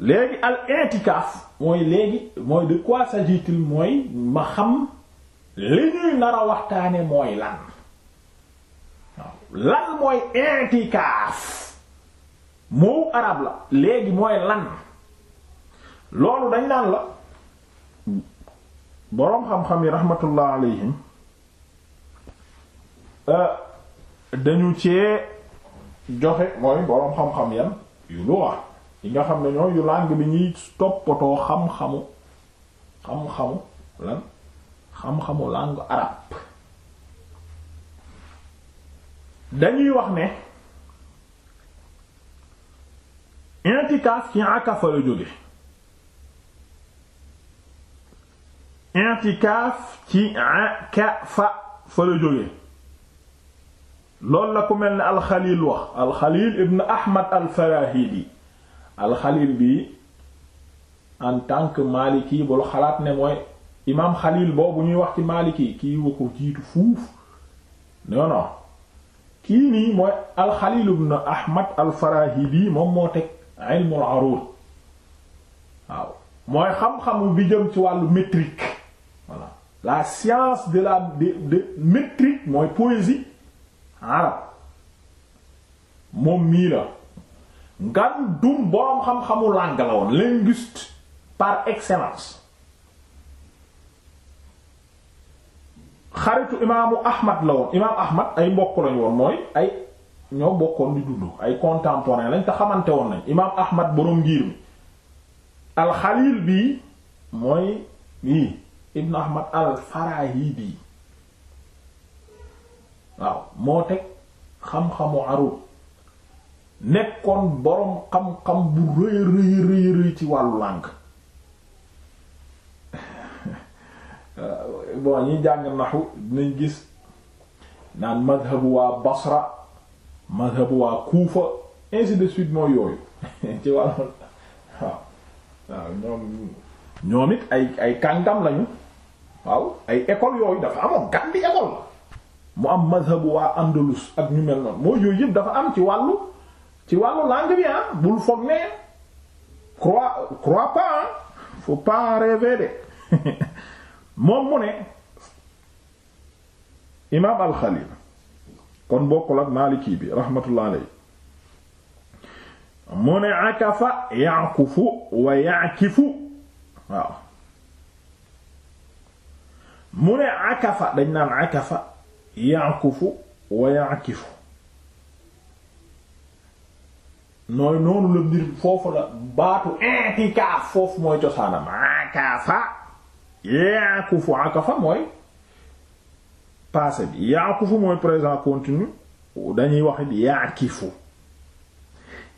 léegi al intikaaf mooy léegi mooy de quoi sagit mooy ma xam li ñuy nar a waxtaane mooy lan waaw mooy intikaaf moo arab la léegi mooy lan loolu dañ naan la boroom xam-xam yi rahmatullah alayhim euh, dañu cee joxe mooy boroom xam-xam yan yu lu wax yi nga xam ne ñoo làng bi ñuy toppatoo xam-xamu xam-xamu lan xam dañuy wax ne intikaaf ci akafa la jóge intikaaf ci akafa fa la jóge loolu la ku mel ne alxalil wax alxalil ibn ahmad alfarahidi alxalil bi en tant que bul xalaat ne mooy imam xalil boobu ñuy wax ci maliki kii wa ko jiitu fuuf non non kii nii mooy alxalil ibn ahmad alfarahidi moom moo teg bi jëm ci wàllu métrique voilà la science de moom mii la ngan dum boroom xam-xamu làng la woon linguiste par excellence xaritu imaamu ahmad la woon imaam ahmad ay mbokk lañ woon mooy ay ñoo bokkoon di dund ay contemporain lañ te xamante woon nañ imaam ahmad boroom ngir mi alxalil bii mooy ibnu ahmad alfaraahi bii waaw moo teg xam-xamu arut nekkoon boroom xam-xam bu rëy rëy rëy rëy ci wàllu làng bon ñi jàng naxu dinañ gis naan madhabu waa Basra madhabu waa Kuufa ainsi de suite mooy yooyu ci wàllu waaw waaw ñoom ñoom it ay ay kàngam lañu waaw ay école yooyu dafa amoon gàndi école la mu am madhabu waa Andalus ak ñu mel noonu mooy yooyu yëpp dafa am ci wàllu ci wàllu langue bi ah bul foog ne pas ah faut pas rêver de moom mu ne imaam alxalil kon bokkul ak maaliki bi rahmatullah aley mu ne akafa yaqufu wa mu ne akafa dañ naan akafa yaqufu wa nooy noonu la mbir foofu la baatu intikaaf foofu mooy cosaanam akaafa yaakufu akafa mooy passé bi yaakufu mooy présent continu dañuy wax bi yaakifu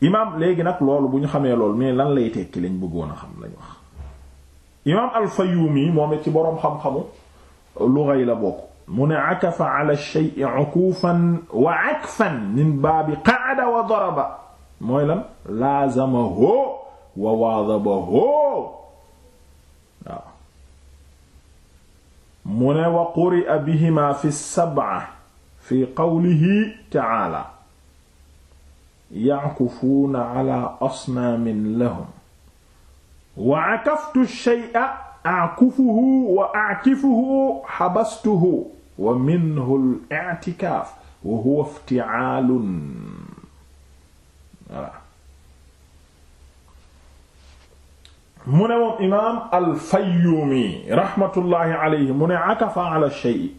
imaam léegi nag loolu bu ñu xamee loolu mais lan lay tekki lañ bëggoon xam lañ wax imaam al-Fayyumi moom it ci boroom xam-xamu lugha la bokk mu ne akafa ala shay'i ukufan wa min baabi qa'ada wa daraba mooy lan laazamahu wa waadabahu waaw mu ne wa quri'a bihima fi sab'a fi qawlihi ta'ala ya'kufuuna ala asnaamin lahum wa akaftu shay'a akufuhu wa akifuhu xabastuhu wa minhu al-i'tikaaf wa huwa ifti'aalun voilà mu ne moom imaam al-Fayyumi rahmatullahi alayhi mu ne akafa ala shay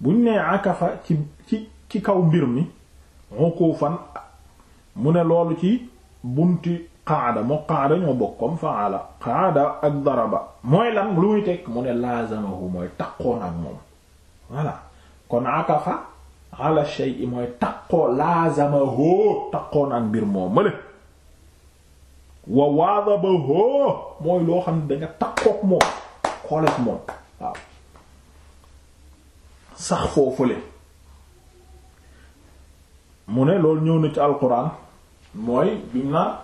buñ nee akafa ci ci ci kaw mbir mi uqufan mu ne loolu ci bunti qaada moo qaada ñoo bokk comme faala qaada ak daraba mooy lan lu muy teg mu ne laazamahu mooy takkoon ak moom voilà kon akafa ala shay'i mooy taqoo laazama hoo naan mbir moo mëne wa waadaba hoo mooy loo xam ne danga taqook moom xooleek moom waaw sax foofule mu ne lool ñëw na ci alquran mooy bi naa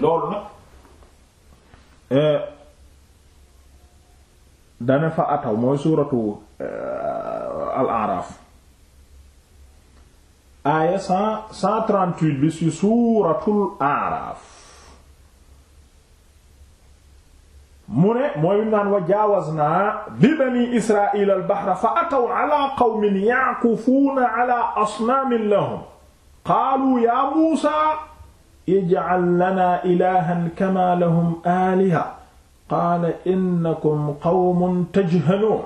loolu nag eh, dana fa ataw mooy suuratu eh, al aaya cent cent trente-huit bi ci suuratul aaraaf mu ne mooy naan wa jaawaznaa bi bani israa'iila al-bahra fa ataw alaa qawmin ya'kufuuna alaa asnaamin lahum qaaluu yaa muusaa ij'al lanaa ilaahan kamaa lahum aaliha qaala innakum qawmun tajhaluun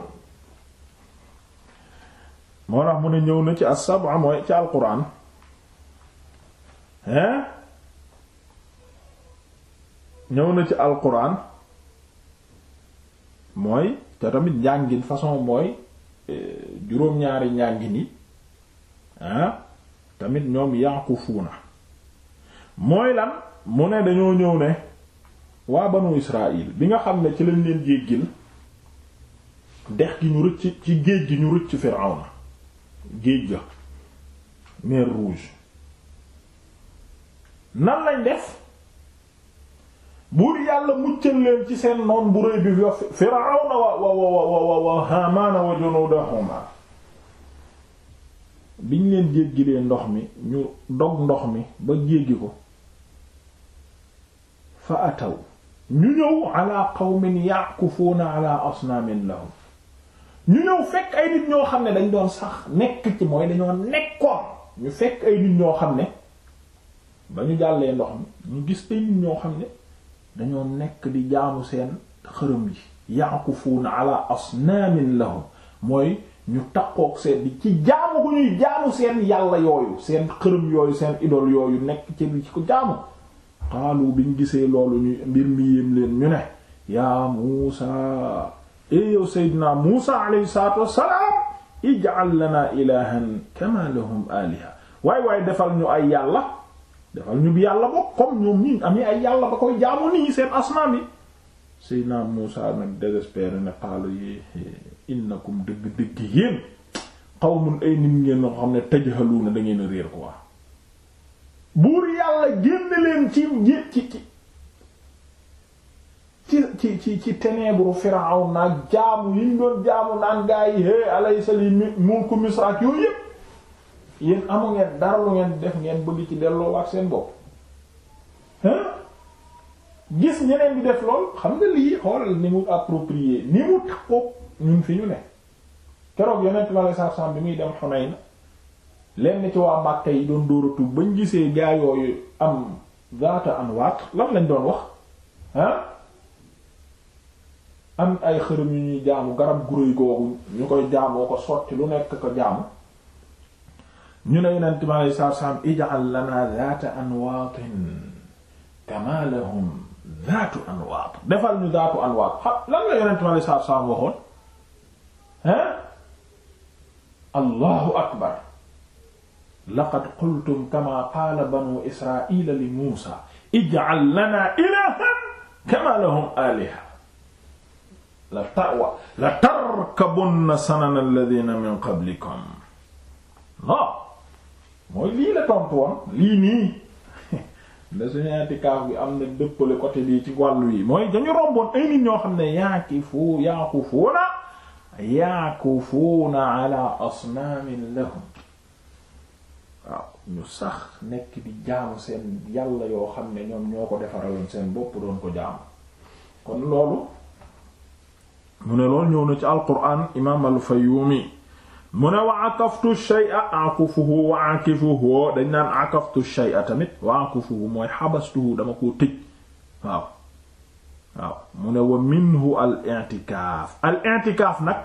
moo tax mu ne ñëw na ci as-sab'a mooy ci alquran hein ñëw na ci alquran mooy te tamit njàngin façon mooy eh, juróom-ñaari njàngin yi ah tamit ñoom yaakufuuna mooy la mu ne dañoo ñëw ne waa banu Israël bi nga xam ne ci lañ leen gil dex gi ñu rëcc ci géej gi ñu rëcc Firawna géej ga mer rouge nan lañ def buur yàlla muccal leen ci seen noon bu rëy bi Firawna wa wa wa wa wa Haamaana wa junuudahumaa biñ leen jéggilee ndox mi ñu dog ndox mi ba jéggi ko fa ataw ñu ñëw ala qawmin ya'kufuuna ala asnaamin lahum ñu ñëw fekk ay nit ñoo xam ne dañ doon sax nekk ci mooy dañoo nekkoon ñu fekk ay nit ñoo xam ne ba ñu jàllee ndox mi ñu gis ay nit ñoo xam ne dañoo nekk di jaamu seen xërëm yi yaakufuuna ala asnaamin lahum mooy ñu takkook seen di ci jaamu ku ñuy jaamu seen yàlla yooyu seen xërëm yooyu seen idol yooyu nekk ci di ci ko jaamu xaalu bi ñu gisee loolu ñu mbir mi yéem leen ñu ne yaa Muusaa ee yow seydinaa muusa alayhi salaatu wassalaam ij'al lana ilahan kama lahum aliha waay waaye defal ñu ay yàlla defal ñu bi yàlla bokk comme ñoom ñi amee ay yàlla ba koy jaamu nii seen asnaam yi seydinaa muusa nag désespéré ne xaalu yi innakum dëgg-dëgg yéen qawmun ay nit ngeen noo xam ne tajhaluuna da ngeen réer quoi buur yàlla génn leen ci ci ci ci ci ci ci ténèbre Firawn naag jaamu yi ñu doon jaamu naan gaa yi é alaysa li mulku Misra ak yooyu yépp yéen amu ngeen dara lu ngeen def ngeen bëgg ci delloo delloowaat seen bopp gis ñeneen bi def lool xam nga lii xoolal ni mu approprié ni mu takkook ñun fi ñu ne keroog yonent bi alayhi salaam bi muy dem Hunayn lenn ci waa Makka yi doon dóoratu bañ gisee gaa yooyu am zaata anwaat lan lañ doon wax am ay xërëm yu ñuy jaamu garab guréy googu ñu koy jaamoo ko sotti lu nekk ko jaamu ñu ne yonent bi alei saatu salaam ij'al lana zaata anwaatin kama lahum zaatu anwaat defal ñu zaatu anwaat xam lan la yonent bi alei saatu salaam waxoon hein allahu akbar laqad qultum kama qaala banu israila li muusa ij'al lana ilahan kama lahum aliha la tawa la tarkabunna sanana alladhina min qablikum mooy lii la tontu woon lii nii da suñu itikaaf bi am na dëppale côté bii ci wàllu yi mooy dañu romboon ay nit ñoo xam ne yaakifu yaakufuuna yaakufuuna ala asnaamin lahum waaw ñu sax nekk di jaamu seen yàlla yoo xam ne ñoom ñoo ko defaraloon seen bopp doon ko jaamu kon loolu mu lool ñëw na ci alquran imaam al-Fayyumi mu ne wa akaftu shay'a akufuhu wa wa akufuhu mooy dama koo tëj waaw waaw wa minhu al i'tikaaf nag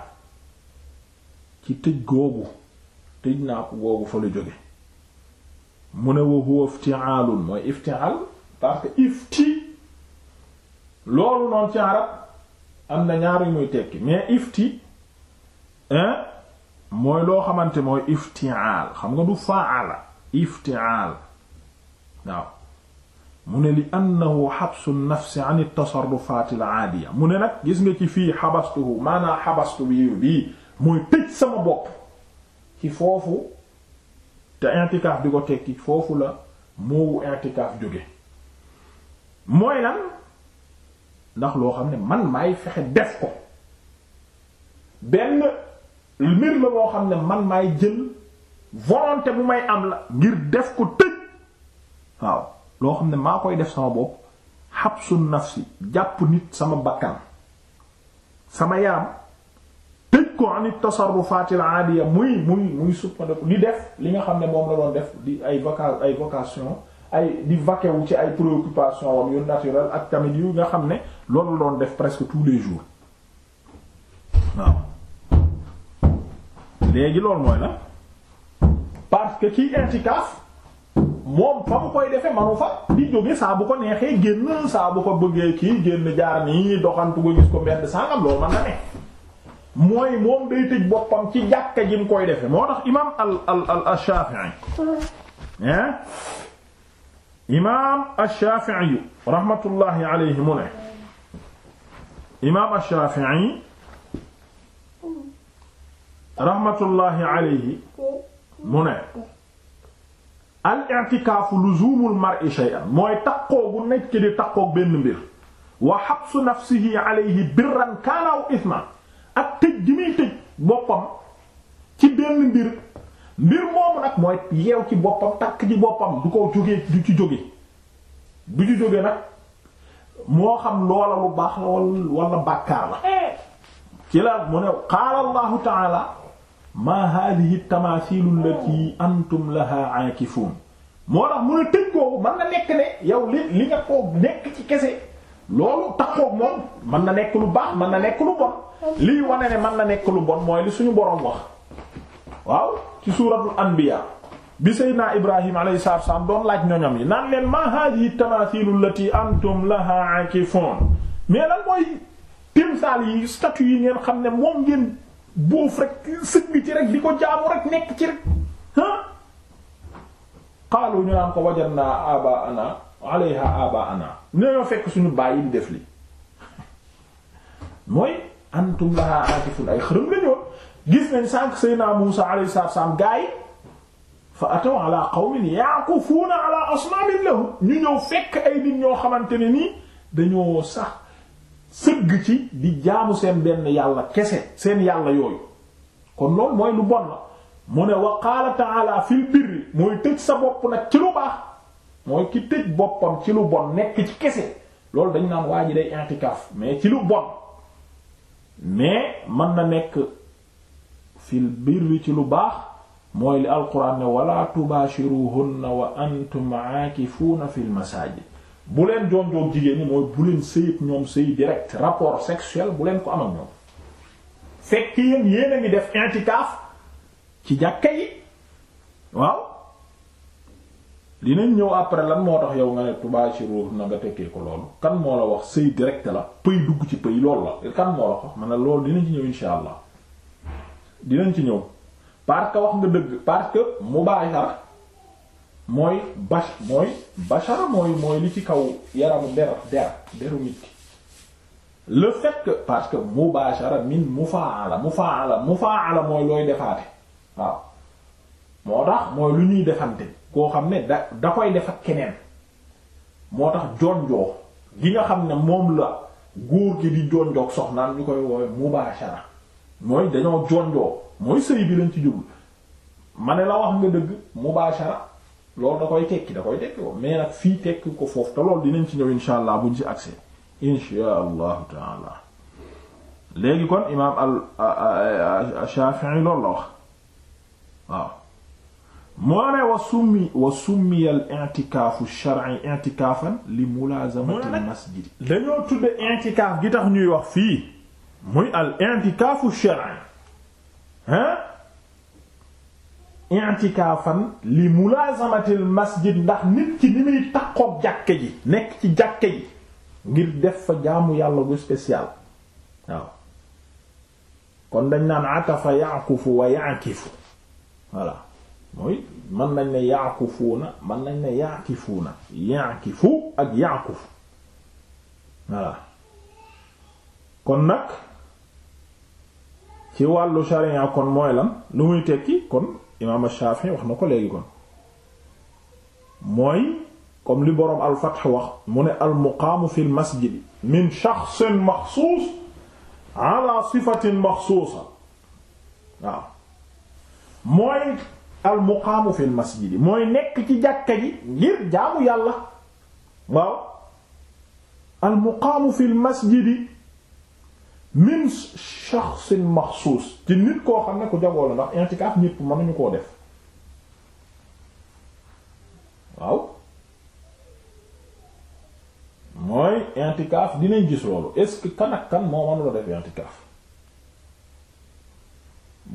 ci tëj googu tëj naa googu fa la jóge wa huwa ifti'aalun mooy ifti'aal parce que ifti loolu noonu ci arab am na ñaar yu muy tekki mais ifti hein mooy loo xamante mooy ifti'al xam nga du fa'ala ifti'al waaw mu ne li annahu xabsu nafsi an at-tasarrufaat al-'aadiya mu ne nag gis nga ci fii xabastuhu maanaa xabastu bi bii mooy tëj sama bopp ci foofu te intikaaf di ko tekki foofu la moowu intikaaf jóge mooy lan ndax loo xam ne man maay fexe def ko benn mbir la moo xam ne man maay jël volonté bu may am la ngir def ko tëj waaw loo xam ne maa koy def sama bopp xabsu nafsi jàpp nit sama bakkan sama yaram tëj ko ani tasarrufatil aadiya muy muy muy suppa li def li nga xam ne moom la doon def di ay voca ay vocation ay di vaquer wu ci ay préoccupation wam yu naturel ak tamit yu nga xam ne loolu doon def presque tous les jours waaw léegi loolu mooy la parce que kiy intikaaf moom fa mu koy defee manu fa di jóge saa bu ko neexee génn saa bu ko bëggee kii génn jaar nii doxantu ko gis ko mbedd sangam loolu man ne mooy moom day tëj boppam ci jàkka ji mu koy defee moo tax imaam al al al Shafi'i imaam ash-Shafi'i rahmatullahi alayhi mu ne imaam ash-Shafi'i rahmatullahi alayhi mu ne al-i'tikaafu luzuumul mar'i shay'an mooy taqoo gu nekk di taqoo benn mbir wa habsu nafsihi alayhi birran kaana aw ithman ak tëj gi muy tëj boppam ci benn mbir mbir moomu nag mooy yeew ci boppam takk ci boppam du ko jógee du ci jóge du ci jóge nag moo xam loola lu baax la wala bàkkaar la eh. ci la mu ne qaala allahu taala maa hadihi tamacilu allati antum laha aakifun moo tax mun a tëj kooku mën na nekk ne yow li li nga koo nekk ci kese loolu taxoog moom mën na nekk lu baax man na nekk lu bon hmm. lii wane ne mën na nekk lu bon mooy li suñu boroom wax ci suuratul anbiya bi seydinaa ibrahim alayhi salaatu wassalaam doon laaj ñoñam yi naan leen ma haadihi tamaasilu allati antum laha akifoon mais lan mooy timsaal yi statue yi ngeen xam ne moom ngeen boof rek sëg ci rek di ko jaamu rek nekk ci rek ah xaalu ñu naan ko wajadnaa aba ana alayha aba fekk suñu bàyyi def li mooy antum laha akifun ay xërëm gis nañ sànq Seydina Muusa alayhi salaam gaa yi fa ataw ala qawmin yaakufuuna ala asnaamin lahum ñu ñëw fekk ay nit ñoo xamante ne nii dañoo sax sëgg ci di jaamu seen benn yàlla kese seen yàlla yooyu kon loolu mooy lu bon la mu ne wa qaala ta'ala fil birri mooy tëj sa bopp nag ci lu baax mooy ki tëj boppam ci lu bon nekk ci kese loolu dañ naan waa day intikaaf mais ci lu bon mais mën na nekk fil birri ci lu baax mooy li alquran ne wala tubashiruhunna wa antum aakifuuna fil masajid bu leen joom joom jigéen ñi mooy bu leen sëy ñoom sëy direct rapport sexuel bu leen ko am ak ñoom fekk a ngi def intikaaf ci jàkka yi waaw ñëw après lan moo tax yow nga ne tubashiruhunna nga tekkee ko loolu kan moo la wax sëy direct la pëy dugg ci pëy lool la kan moo la wax man loolu dinañ ci ñëw insha allah dinañ ci ñëw parce que wax nga dëgg parce que mubaashara mooy bach mooy bachara mooy mooy li ci kaw yaramu der der deru nit ki le fait que parce que mubaashara min mu mufaala mufaala mooy looy defaate waaw moo tax mooy lu ñuy defante koo xam ne da da koy def ak keneen moo tax jonjoo gi nga xam ne moom la góor gi di jonjoog soxnaan ñu koy woowe mubaashara mooy dañoo jonjoo mooy sëy bi lañ ci jublu ma ne la wax nga dëgg mubaashara loolu da koy tekki da koy tekki ko mais nag fii tekki ko foofu te loolu dinañ ci ñëw insha allah buñ ci accès insha allahu taala léegi kon imaam al Shaafi'i loolu la wax waaw moo ne wa summi al i'tikaafu shar'i i'tikaafan li mulaazamati al masjid dañoo tudde i'tikaaf gi tax ñuy wax fii muy al i'tikaafu shar'i hein i'tikaafan li mulaazamatil masjid ndax nit ki ni muy takkook jàkke ji nekk ci jàkke ji ngir def fa jaamu yàlla gu spécial waaw kon dañ naan atafa ya'kufu wa ya'kifu voilà mooy mën nañ ne ya'kufuuna mën nañ ne ya'kifuuna ya'kifu ak ya'kufu voilà kon nag ci wàllu sharia kon mooy lan lu muy tekki kon imaam Shaafi wax na ko léegi kon mooy comme li borom al-Fath wax mu ne al-muqaamu fi al-masjid min shaxsin maxsuus ala sifatin maxsuusa waaw mooy al-muqaamu fi al-masjid mooy nekk ci jàkka ji ngir jaamu yàlla waaw al-muqaamu fi al-masjid min shaxsin maxsuus ci nit koo xam ne ku jagoo la ndax intikaaf ñépp mënuñu koo def waaw mooy intikaaf dinañ gis loolu est-ce que kan ak kan moo mënula def intikaaf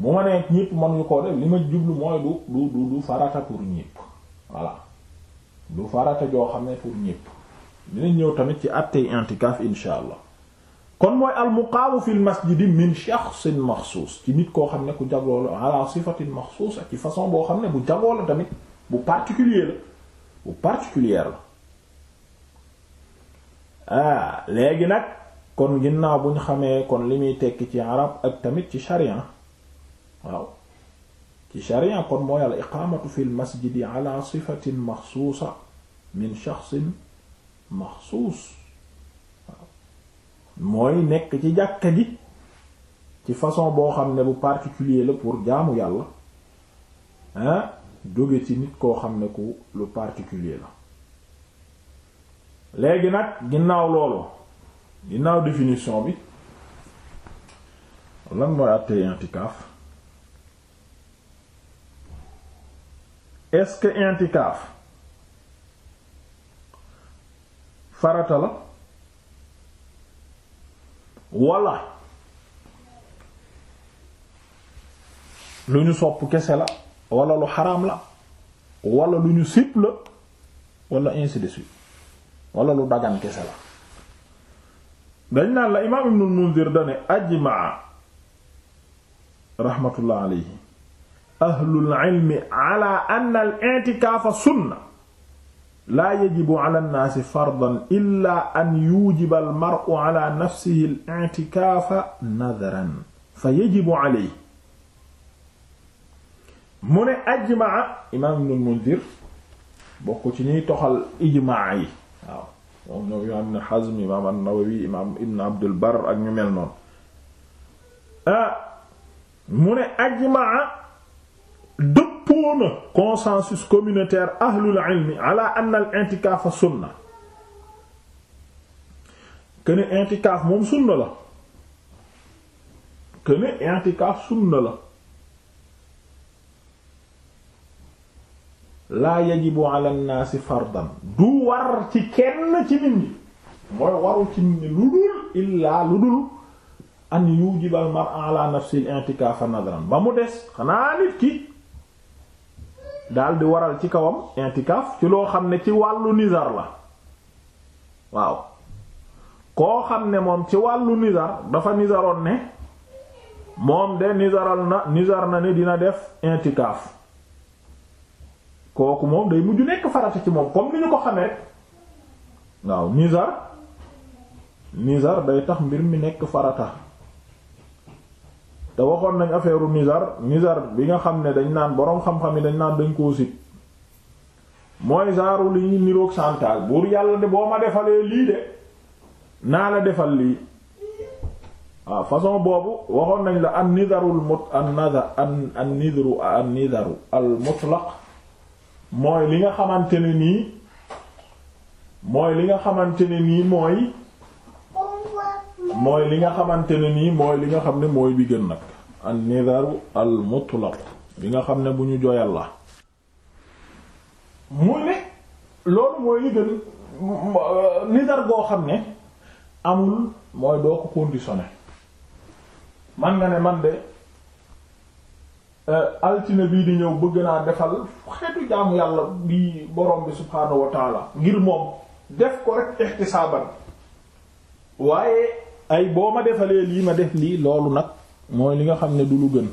mu ma ñépp mënuñu koo def li ma jublu mooy du du du farata pour ñépp voilà du farata joo xam ne pour ñépp dinañ ñëw tamit ci àttey intikaaf insha kon mooy al muqaamu fil masjidi min shaxsin maxsuus ci nit koo xam ne ku jagloo la ala sifatin maxsuusa ci façon boo xam ne bu jagloo la bu particulier bu particulière la ah, nag kon ginnaaw bu ñu xamee kon li muy tekki ci arab ak tamit ci sharia waaw ci sharia kon mooy al iqaamatu fil masjidi ala sifatin maxsuusa min shaxsin maxsuus mooy nekk ci jàkka gi ci façon boo xam ne bu particulier la pour jaamu yàlla ah jóge ci nit koo xam ne ku lu particulier la léegi nag ginnaaw loolu ginnaaw définition bi lan mooy àttee intikaaf est-ce que intikaaf farata la walla lu ñu sopp kese la wala lu xaraam la wala lu ñu sip la wala ainsi de suite lu dagan kese la dañ naan la imaam ibnul mundir dane ajmaa raxmatullah alayhi ahlul ilmi ala al i'tikaafa sunna laa yajibu ala nnaasi fardan illa an yujiba almaru ala nafsihi al i'tikaafa nadran fa yajibu alayhi mu ne ajmaa imaam ibn al-Mundhir bokk ci ñuy toxal ijmaa yi waaw moom ñoom imaam ibn Hazm imaam an-Nawawi imaam ibn Abdul Barr ak ñu mel noonu ah, mu ne ajmaa dëpp dëppoo na consensus communautaire ahlul ilmi ala anna al intikaaf sunna këne intikaaf moom sunna la këne intikaaf sunna la laa yajibu ala nnaasi fardan du war ci kenn ci nit ñi mooy waru ci nit ñi lu dul illaa lu dul an yujibal mar'a ala nafsi al intikaaf nadran ba mu des xanaa nit ki daal di waral ci kawam intikaaf ci loo xam ne ci wàllu nizar la waaw koo xam ne moom ci wàllu nizar dafa nisaroon ne moom de nizaral na nizar na ni dina def intikaaf kooku moom day mujj nekk farata ci moom comme ni ñu ko xamee waaw nizar nizar day tax mbir mi nekk farata te waxoon nañ affaire nizar nizar bi nga xam ne dañ naan boroom xam-xam yi dañ naan dañ koo sit mooy saaru li ñu niroog santaal buur yàlla ne boo ma defalee lii de naa la defal lii waaw ah, façon boobu waxoon nañ la an nizarul mut an nazar an an nizru an nizaru al mutlaq mooy li nga xamante ne nii mooy li nga xamante ne nii mooy mooy li nga xamante ne nii mooy li nga xam ne mooy bi gën nag an nidaru al mutlaq bi nga xam ne bu ñu joyal la mu ne loolu mooy li gën goo xam ne amul mooy doo ko conditionné man nga ne man de euh, altine bii di ñëw bëgg naa defal xeetu jaamu yàlla bi borom bi subhaanahu wa ngir moom def ko rek ixtisaaban waaye ay boo ma defalee lii ma def lii loolu nag mooy li nga xam ne du lu gën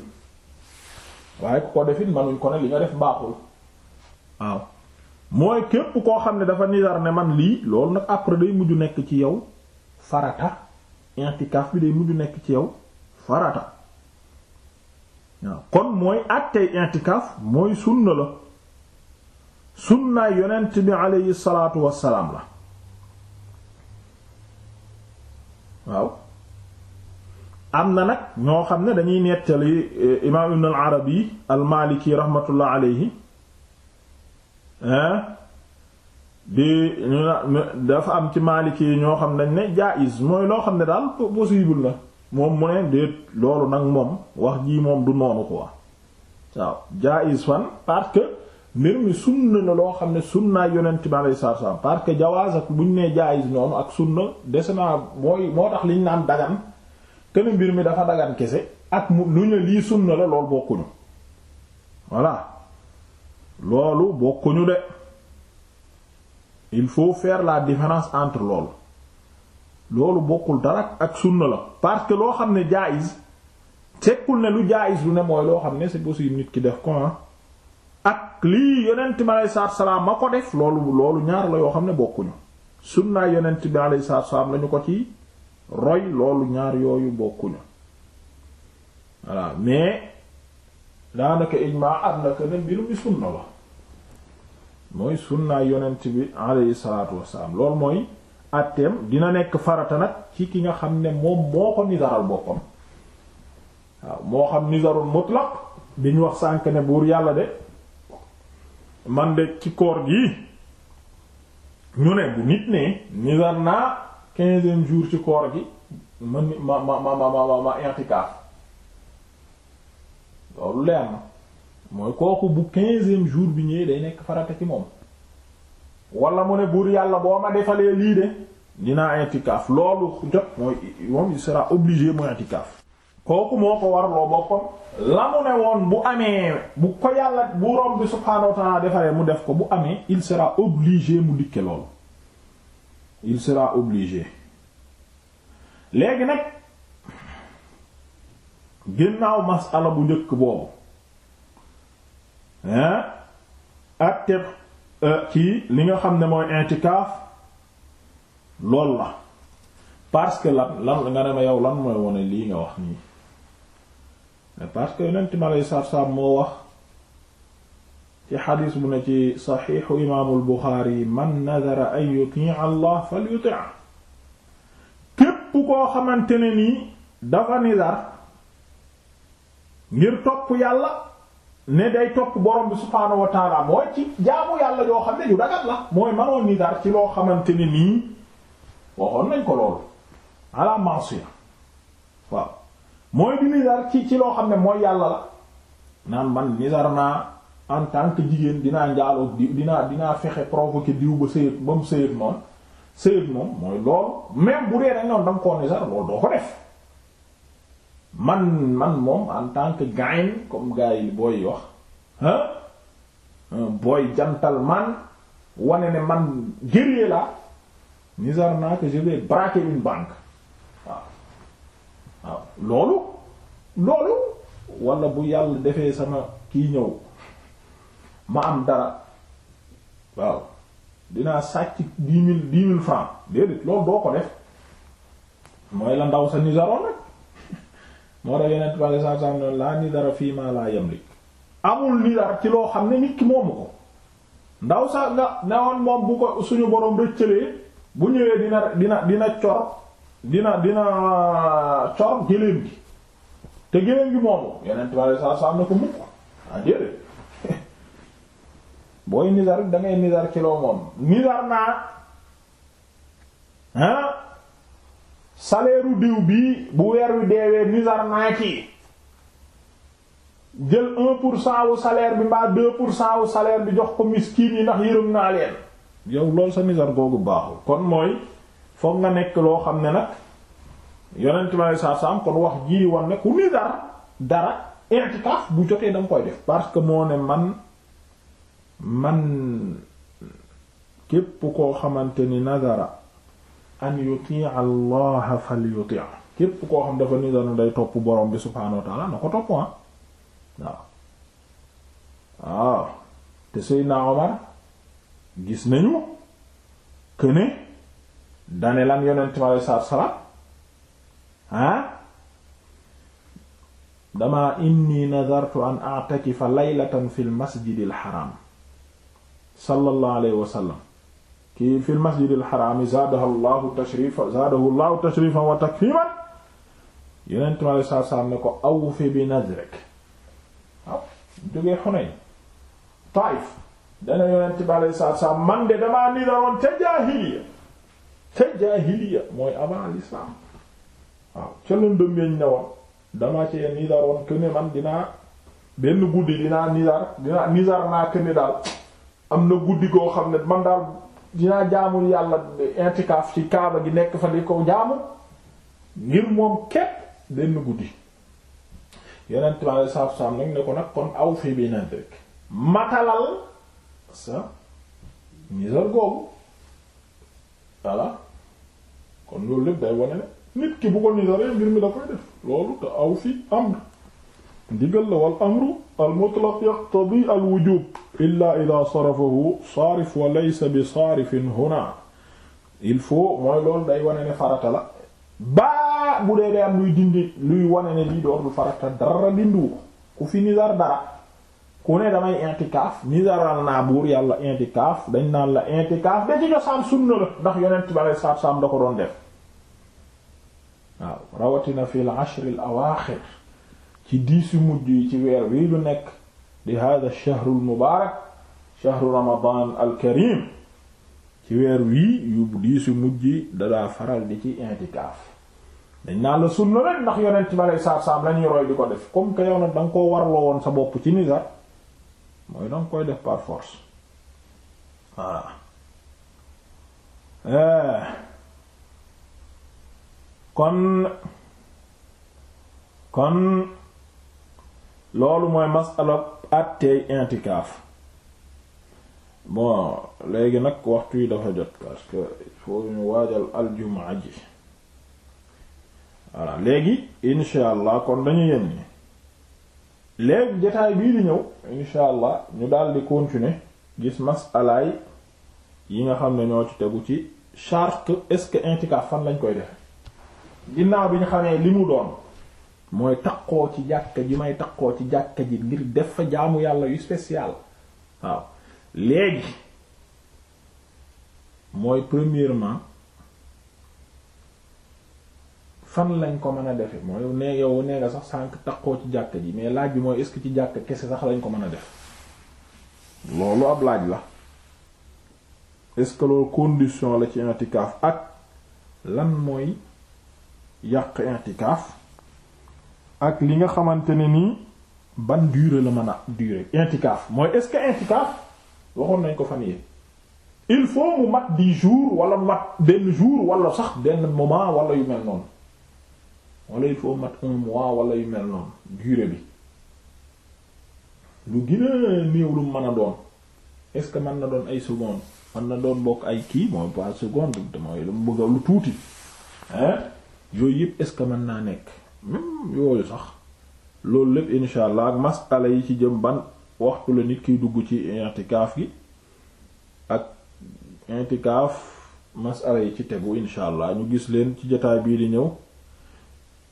waaye ku ko defit manuñ ko ne li nga def baaxul waaw mooy képp koo xam ne dafa nizar ne man lii loolu nag après day mujj nekk ci yow farata intikaaf bi day mujj nekk ci yow farata waaw kon mooy àttey intikaaf mooy sunna la naa yonent bi aleyhi salaatu wassalaam la waaw am na nag ñoo xam ne dañuy nettali eh, imaam ibn al arabi al maliki rahmatullah alayhi di ñu dafa am ci maliki yi ñoo xam ne dañ ne jaiz mooy loo xam ne daal possible la moom mu ne déet loolu nag moom wax jii moom du noonu quoi waaw jaiz fan parce que mbir mi sunna la loo xam ne sunna yonent bi alayhi salaatu parce que jawaaz ak buñ nee jaayiz noonu ak sunna dese naa mooy moo tax liñ naan dagan kenn mbir mi dafa dagan kese ak mu lu ñu lii sunna la lool bokkuñu voilà loolu bokkuñu de il faut faire la différence entre loolu loolu bokkul dara ak sunna la parce que loo xam ne jaayiz tekkul ne lu jaayiz lu ne mooy loo xam ne c'est possible nit ki def ko ak lii yonent bi alayhi salaatu salaam ma ko def loolu loolu ñaar la yoo xam ne bokkuñu sunna yonent bi alayhi salaatu salaam lañu ko ci roy loolu ñaar yooyu bokkuñu voilà mais daanaka ijmaa am na que ne mbirum mi sunna la yonent bi alayhi salaatu wasalaam loolu mooy àtteem dina nekk farata nag ci ki nga xam ne moom moo ko nizaral boppam waaw moo xam nizarul mutlaq bi ñu wax sànk ne buur yàlla de man de ci koor gi ñu ne bu nit ne nisar naa quinzième jour ci koor gi man ma ma ma ma ma ma i'tikaaf loolu leer na mooy kooku bu quinzième jour bi ñëwee day nekk farata ci moom wala mu ne buur yàlla boo ma defalee lii de dinaa i'tikaaf loolu jot mooy moom il sera obligé mu i'tikaaf kooku moo ko warloo boppam la ne woon bu amee bu ko yàlla bu rom bi subhaanahu wa defaree mu def ko bu amee il sera obligé mu dikke loolu il sera obligé léegi nag ginnaaw masala bu njëkk boobu hein ak teb euh, kii li nga xam ne mooy intikaaf lool la parce que lan lan nga ne ma yow lan mooy wone lii nga wax nii parce que yonent mi aleyhi salaatu salaam moo wax ci xadiis bu ne ci saxiixu imaamul Buxaari man nadara an yutia allah fal yutia képp koo xamante ne nii dafa nidar ngir topp yàlla ne day topp borom bi subhaanahu wa mooy ci jaamu yàlla yoo xam ne yu dagat la mooy mënoo nidar ci loo xamante ne nii waxoon nañ ko loolu ala maasiya waaw mooy di nizar ci ci loo xam ne mooy yàlla la naan man nizar naa en tant jigéen dinaa njaaloo di dinaa dinaa fexe provoquer diw ba sëyët ba mu sëyët moom sëyët moom mooy loolu même bu dee dañ noonu danga koo nizar loolu doo ko def man man moom en tant que gain comme gars yi booy wax ah booy jantal man wane ne man guerrier la nizar naa que je vais braquer une waaw loolu loolu wala bu yàlla defee sama kii ñëw ma am dara waaw dinaa sàcc dix mille dix mille francs déedéet loolu doo ko def mooy la ndaw sa nisaroon rek moo tax yeneen par exemple noonu laa ni xam ne nit ki moomu ko ndaw sa nga moom bu ko suñu boroom rëccalee bu ñëwee dina dina dina cor dina dina cor géléem gi te géléem gi moomu yeneen tubaab yi saa saa na ko mukk ah déedéet booy nizar da ngay nizar moom nizar naa ah salaire u diw bii bu weer wi deewee nizar naa ci jël un pour cent wu bi mbaa deux pour cent wu bi jox ko miskin yi ndax yërëm naa leen. yow loolu sa nizar googu baaxul kon mooy. foog nga nekk loo xam ne nag yonent ma saa saam kon wax jii wan ne ku ni dara dara bu jotee danga koy def parce que moo ne man man képp koo xamante ni nadara an yuti allah fal yuti képp koo xam dafa nidara day topp borom bi subhaanahu wa na ko topp ah waaw waaw te Seydina Omar gis nañu que dane lan yonent mi aleyhi salaatu salaam ah dama inni nadartu an a'takifa laylatan fil masjidil haram sallallahu alayhi wa sallam kii fil masjidil haram zaadahu llahu tashrifan zaadahu ne ko awfi bi nadrik waaw jógee Hunayn Taayif dana yonent mi aleyhi salaatu salaam man de damaa nidaroon ca jaahiliya ca jaahiliya mooy avant l'islam waaw ca lëndëm yañ ne woon damaa cee nizaroon que man dinaa benn guddi dinaa nizar dinaa nizar naa que daal am na guddi koo xam ne man daal dinaa jaamul yàlla intikaaf ci kaaba gi nekk fa di ko jaamu ngir moom képp benn guddi yeneen tubaab yi saaf saaf nag ne ko nag kon aw fii bi naan matalal sa nizar googu voilà. kon loolu lépp day wane ne nit ki bu ko nisaree mbir mi da koy def loolu te aw fi amr ndigal la wal amru al mutlaq yaqtadi al wujub illa ida sarafahu saarif wa laysa bi saarifin huna il faut mooy loolu day wane ne farata la baa bu dee day luy dindi luy wane ne door du farata dara dindiwu ku fi nisar dara ku ne damay intikaaf nisaral naa buur yàlla intikaaf dañ naan la intikaaf da ci la ndax yonent bi alei saatu salaam da def rawatina fi l ashri l awaaxir ci ci weer wi lu nekk di hada shahru l mubaarak shahru ci weer wii yu diisu mujj yi faral di ci intikaaf dañ naan la sunna la ndax yonent bi alei saatu salaam lañuy roy di ko def comme que yow nag koo warloo woon sa bopp ci nisar mooy danga koy def par force voilà eh. kon kon loolu mooy masala àtteey intikaaf bon léegi nag waxtu yi dafa jot parce que il faut ñu waajal aljumaa ji voilà léegi insha kon dañu yem ni léegi jotaay bii di ñëw incha allah ñu daal di continuer gis masalaay yi nga xam ne ñoo ci tegu ci charte est-ce que fan lañ koy defe ginnaaw bi ñu xamee li mu doon mooy taqoo ci jàkka ji may taqoo ci jàkka ji ngir def fa jaamu yàlla yu spécial waaw léegi mooy premièrement fan lañ ko mën a defe mooy ne yow nee nga sax sànq taqoo ci jàkk ji mais laaj bi mooy est-ce que ci jàkk kese sax lañ ko mën a def loolu ab laaj la est-ce que loolu condition la ci intikaaf ak lan mooy yàq intikaaf ak li nga xamante ne nii ban durée la mën a durée intikaaf mooy est-ce que intikaaf waxoon nañ ko fan yee il faut mu mat dix jour wala mat benn jour wala sax denn moment wala yu mel noonu wala il faut mat un mois walla yu mel noonu durée bi lu gën a néew lu mën a doon est-ce que mën na doon ay seconde mën na doon bokk ay kii mooy pas seconde mooy lu mu lu tuuti hein yooyu yëpp est-ce que mën naa nekk même yooyu sax loolu lépp insha allah ak masala yi ci jëm ban waxtu la nit kiy dugg ci intikaaf gi ak intikaaf masala yi ci tegu insha allah ñu gis leen ci jotaay bii di ñëw